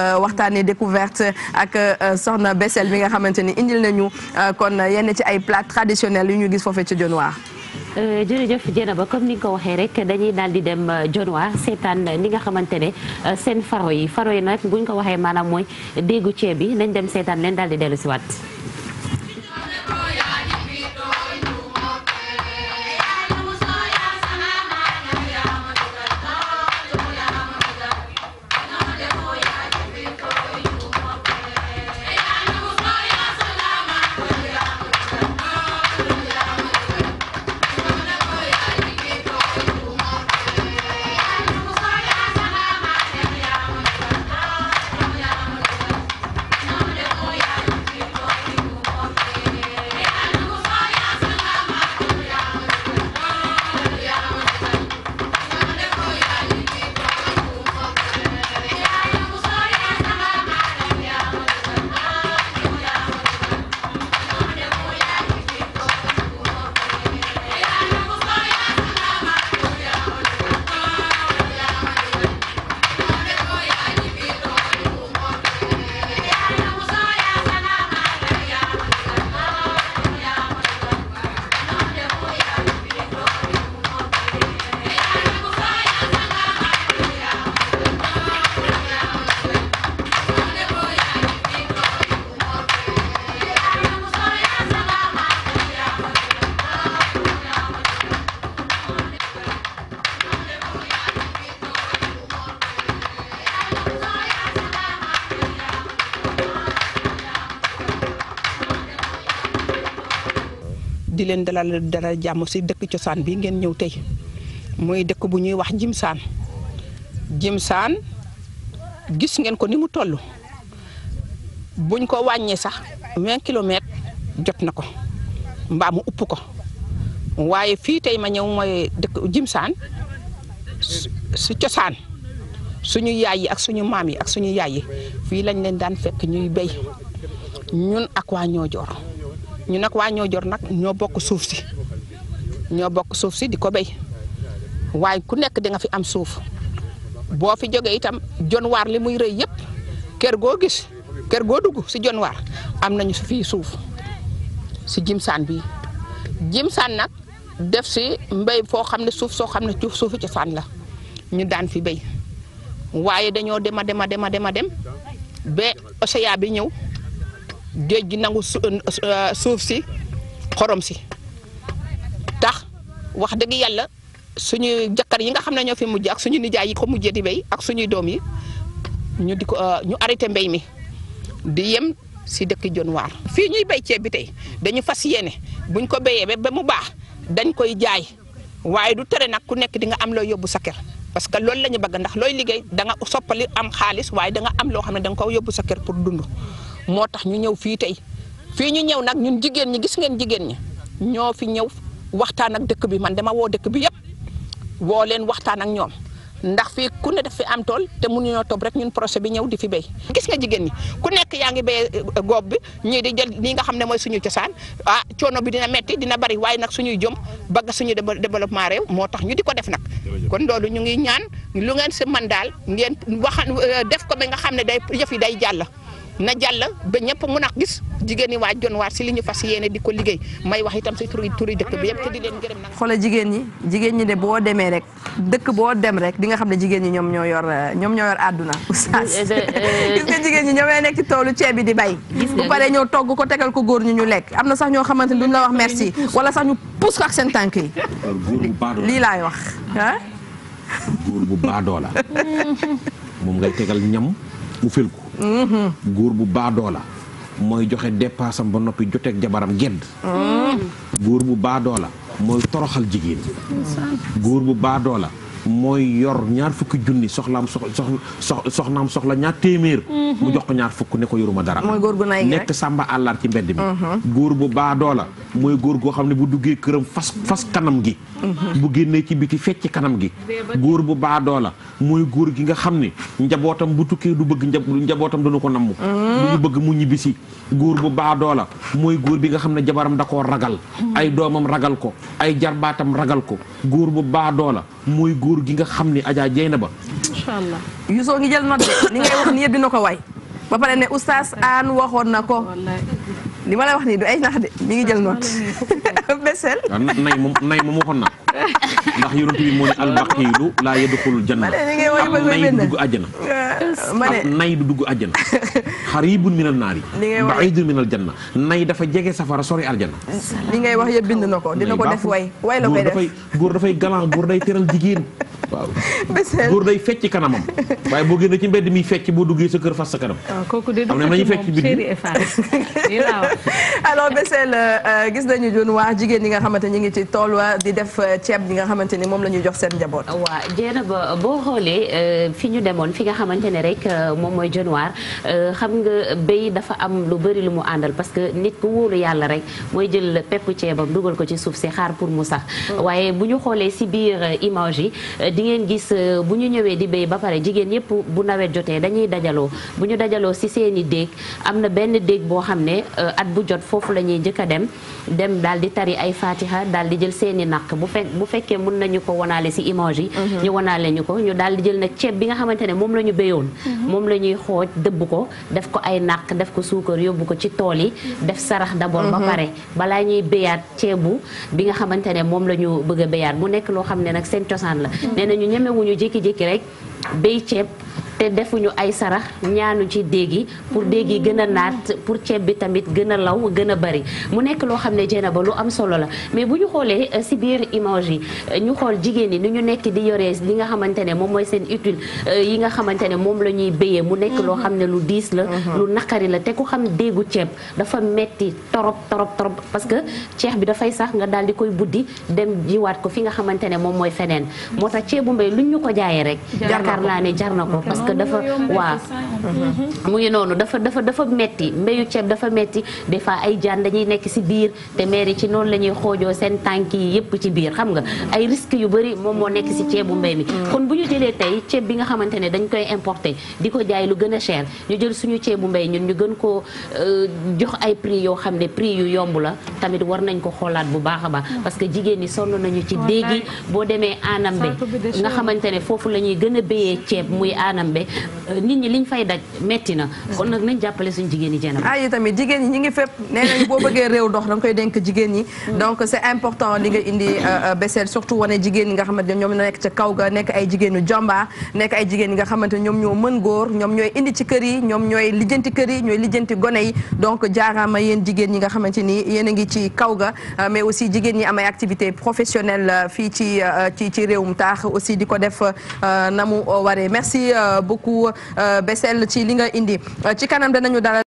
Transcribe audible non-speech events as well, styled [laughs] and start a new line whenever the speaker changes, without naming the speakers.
Euh, waxtaanee découverte ak euh, soxna Bessel bi nga xamante ni indil nañu euh, kon yenn ci ay plats traditionnels yu ñu gis foofee ci Dionewar
jërëjëf jéna ba comme ni nga ko waxee rek dañuy daal di dem Dionewar seetaan ni nga xamante ne seen faro yi faro yi nag buñ ko waxee maanaam mooy déggu ceeb bi nañ dem seetaan leen daal di dellu si waat
di leen dalal dara jàmm si dëkk cosaan bi ngeen ñëw tey muy dëkk bu ñuy wax Jimsaan Jimsaan gis ngeen ko ni mu toll buñ ko wàññee sax vingt kilomètres jot na ko mbaa mu upp ko waaye fii tey ma ñëw mooy dëkk Jimsaan si cosaan suñu yaay yi ak suñu maam yi ak suñu yaay yi fii lañ leen daan fekk ñuy béy ñun ak waa Ñoojoor ñu nag waa ñoo jor nag ñoo bokk suuf si ñoo bokk suuf si di ko bay waaye ku nekk di nga fi am suuf boo fi jógee itam jonwaar li muy rëy yëpp kër goo gis kër goo dugg si jonwaar am nañu su fi suuf si jimsaan bi jimsaan nag def si mbéy foo xam ne suuf soo xam ne suuf suufu saan la ñu daan fi bay waaye dañoo dema dema dema dema dem ba océan bi ñëw géej gi nangu euh, euh, suuf si xorom si tax wax dëgg yàlla suñu jëkkër yi nga xam ne ñoo fi mujj ak suñu nijaay yi ko mujjee di béy ak suñuy doom yi ñu di ko euh, ñu arrêté mbéy mi di yem si dëkk jon waar fii ñuy béy ceeb bi tey dañu fas yéene buñ ko béyee ba mu baax dañ koy jaay waaye du tere nag ku nekk di nga am loo yóbbu sa kër parce que lool la ñu bëgg ndax looy liggéey da nga soppali am xaalis waaye da nga am loo xam ne da nga ko yóbbu sa kër pour dund moo tax ñu ñëw fii tey fii ñu ñëw nag ñun jigéen ñi gis ngeen jigéen ñi ñoo fi ñëw waxtaan ak dëkk bi man dama woo dëkk bi yëpp woo leen waxtaan ak ñoom ndax fii ku ne daf fi am tool te mënuñoo toob rek ñun projet bi ñëw di fi béy gis nga jigéen ñi ku nekk yaa ngi béyee euh, góob bi ñii di jël lii nga xam ne mooy suñu cosaan ah coono bi dina metti dina bari waaye nag suñuy jom bëgg suñu développement réew moo tax ñu di ko def nag kon loolu ñu ngi ñaan lu ngeen si man daal ngeen wax euh, def ko ba nga xam ne day yëf yi day jàll na jàll ba ñëpp mun a gis jigéen ñi waa Dionewar si li ñu fas yéene di ko liggéey may wax itam si turi turi dëkk bi yëpp te di
jigéen ñi jigéen ñi ne boo demee rek dëkk boo dem rek di nga xam ne jigéen ñi ñoom ñoo yor ñoom yor àdduna. [laughs] oustaz gis nga jigéen ñi ñoom ñoo nekk ci toolu ceeb bi di bay. bu paree ñëw togg ko tegal ko góor ñi ñu lekk am na sax ñoo xamante ni duñ la wax merci wala sax ñu pousse ko ak seen tànk yi. lii laay wax ah.
góor bu baadoo [laughs] moom ngay tegal ñam mu fël ko góor bu baadoola mooy joxe dépassam ba noppi joteek jabaram gedd mm. góor bu baadoola mooy toroxal jigéen góor bu baadoola mooy yor ñaar fukki junni soxlaam soxla soxnaam soxla ñaar téeméer. Mm-hmm. mu jox ko ñaar fukk ne ko yoruma dara. mooy góor gu nay nekk sàmba àllar ci mbedd mi. Mm-hmm. góor bu baa doola mooy góor goo xam ne bu duggee këram fas fas kanam gi. Mm-hmm. bu génnee ci biti fecc kanam gi. góor bu baa doola mooy góor gi nga xam ne njabootam bu tukkee du bëgg njabootam dana ko namm. du bëgg mu ñibbisi góor bu baa doola mooy góor bi nga xam ne jabaram da koo ragal. ay doomam ragal ko ay jarbaatam ragal ko góor bu baadoola muy góor gi nga xam ni Adja Jeynaba. incha allah Youssou
ngi jël note ni ngay wax ni yëpp dina ko way ba pare ne oustaz Aan waxoon na ko. li ma lay wax nii du ay nax de mi ngi jël note. besel
nay moom nay waxoon na [laughs] ah, ndax yonent bi moo ne albaqiilu laa yadxulul janna am nay dugg àjjana. ma ne ah, nay du dugg àjjana [laughs] xaribun a naari baidun a janna nay dafa jege safara a àjjana
li ngay wax yëpp bind na ko dina ko def way way la koy def
góor dafay galant góor day teral jigéen waaw [laughs] góor day fecc kanamam waaye boo génnee ci mbedd mi fecc boo duggee sa kër fas sa kanam
ah, kooku de am na nañu fecc bi [laughs] alors Bessel euh, gis nañu doon waa jigéen ñi nga xamante ñi ngi ci tool wa di def euh, ceeb bi nga xamante ni moom la ñuy jox seen njaboot
waaw jéena ba boo xoolee euh, fi ñu demoon fi nga xamante rek euh, moom mooy jën waar euh, xam nga béy dafa am lu bëri lu mu àndal parce que nit ku wóolu yàlla rek mooy jël peppu ceebam dugal ko ci suuf si xaar pour mu sax mm. waaye bu ñu xoolee si biir euh, image yi di ngeen gis bu ñu ñëwee di béy ba pare jigéen yëpp bu nawet jotee dañuy dajaloo bu ñu dajaloo si seeni déeg am na benn déeg boo xam ne at bu jot foofu la ñuy njëkk dem dem daal di tari ay fatiha daal di jël seeni naq bu fekk bu fekkee mun nañu ko wanaale si image yi mm-hmm. ñu wanaale ñu ko ñu daal jël nag ceeb bi nga xamante ne la ñu béyoon Mm-hmm. moom la ñuy xooj dëbb ko def ko ay nàq def ko suukar yóbbu ko ci tool yi mm-hmm. def sarax d'abord ba mm-hmm. pare balaa ñuy béyaat ceebu bi nga xamante ne moom la ñu bëgg a béyaat mu nekk loo xam ne nag seen cosaan la nee na ñu ñemewuñu jékki-jékki rek béy ceeb te defuñu ay sarax ñaanu ci déeg yi pour déeg yi gën a naat pour ceeb bi tamit gën a law gën a bari mu nekk loo xam ne jéena ba lu am solo la mais bu ñu xoolee euh, si biir image euh, ñu xool jigéen ñi ni ñu nekk di yoree li nga xamante ne moom mooy seen utile euh, yi nga xamante ne moom la ñuy béyee mu nekk loo xam ne lu diis la mm-hmm. lu naqari la te ku xam déegu ceeb dafa metti torop torop torop parce que ceeb bi dafay sax nga daal di koy buddi dem jiwaat ko fi nga xamante ne moom mooy feneen moo tax bu mbay luñ ñu ko jaayee rek yaakaar naa ne jar na ko que dafa waa mhm. mu ngi noonu dafa dafa dafa metti mbéyu ceeb dafa metti des fois ay jaan dañuy nekk si biir te maire ci noonu la ñuy xoojoo seen tànk yi yëpp ci biir xam nga ay risques yu bëri moom moo nekk si bu mbéy mi mhm. kon bu ñu jëlee tey ceeb bi nga xamante ne dañ koy importer di ko jaay lu gën a cher ñu jël suñu ceebu mbéy ñun ñu gën koo euh, jox ay prix yoo xam ne prix yu yomb la tamit war nañ ko xoolaat bu baax a baax mhm. parce que jigéen ñi sonn nañu ci déegi boo demee anambe nga xamante gën a ceeb muy anambe Euh, nit ñi liñ fay daj metti na kon nag nañ jàppale suñ jigéen yi Dieynaba jigéen ñi ngi fépp nee nañ boo bëggee réew dox da nga koy
dénk jigéen ñi mm. donc c'est important li nga indi euh, euh, Bessel surtout wane jigéen yi ñoom ñoo mën góor ñoom ñooy indi ci kër ñooy lijjanti kër ñooy lijjanti gone donc jaaraama yéen jigéen ñi nga xamante ni yéen a ngi ci kaw ga mais aussi jigéen ñi am ay activité professionnelle fii ci réewum taax aussi di ko def na mu waree beaucoup eh, Bessel ci li nga indi eh, ci kanam danañu dalal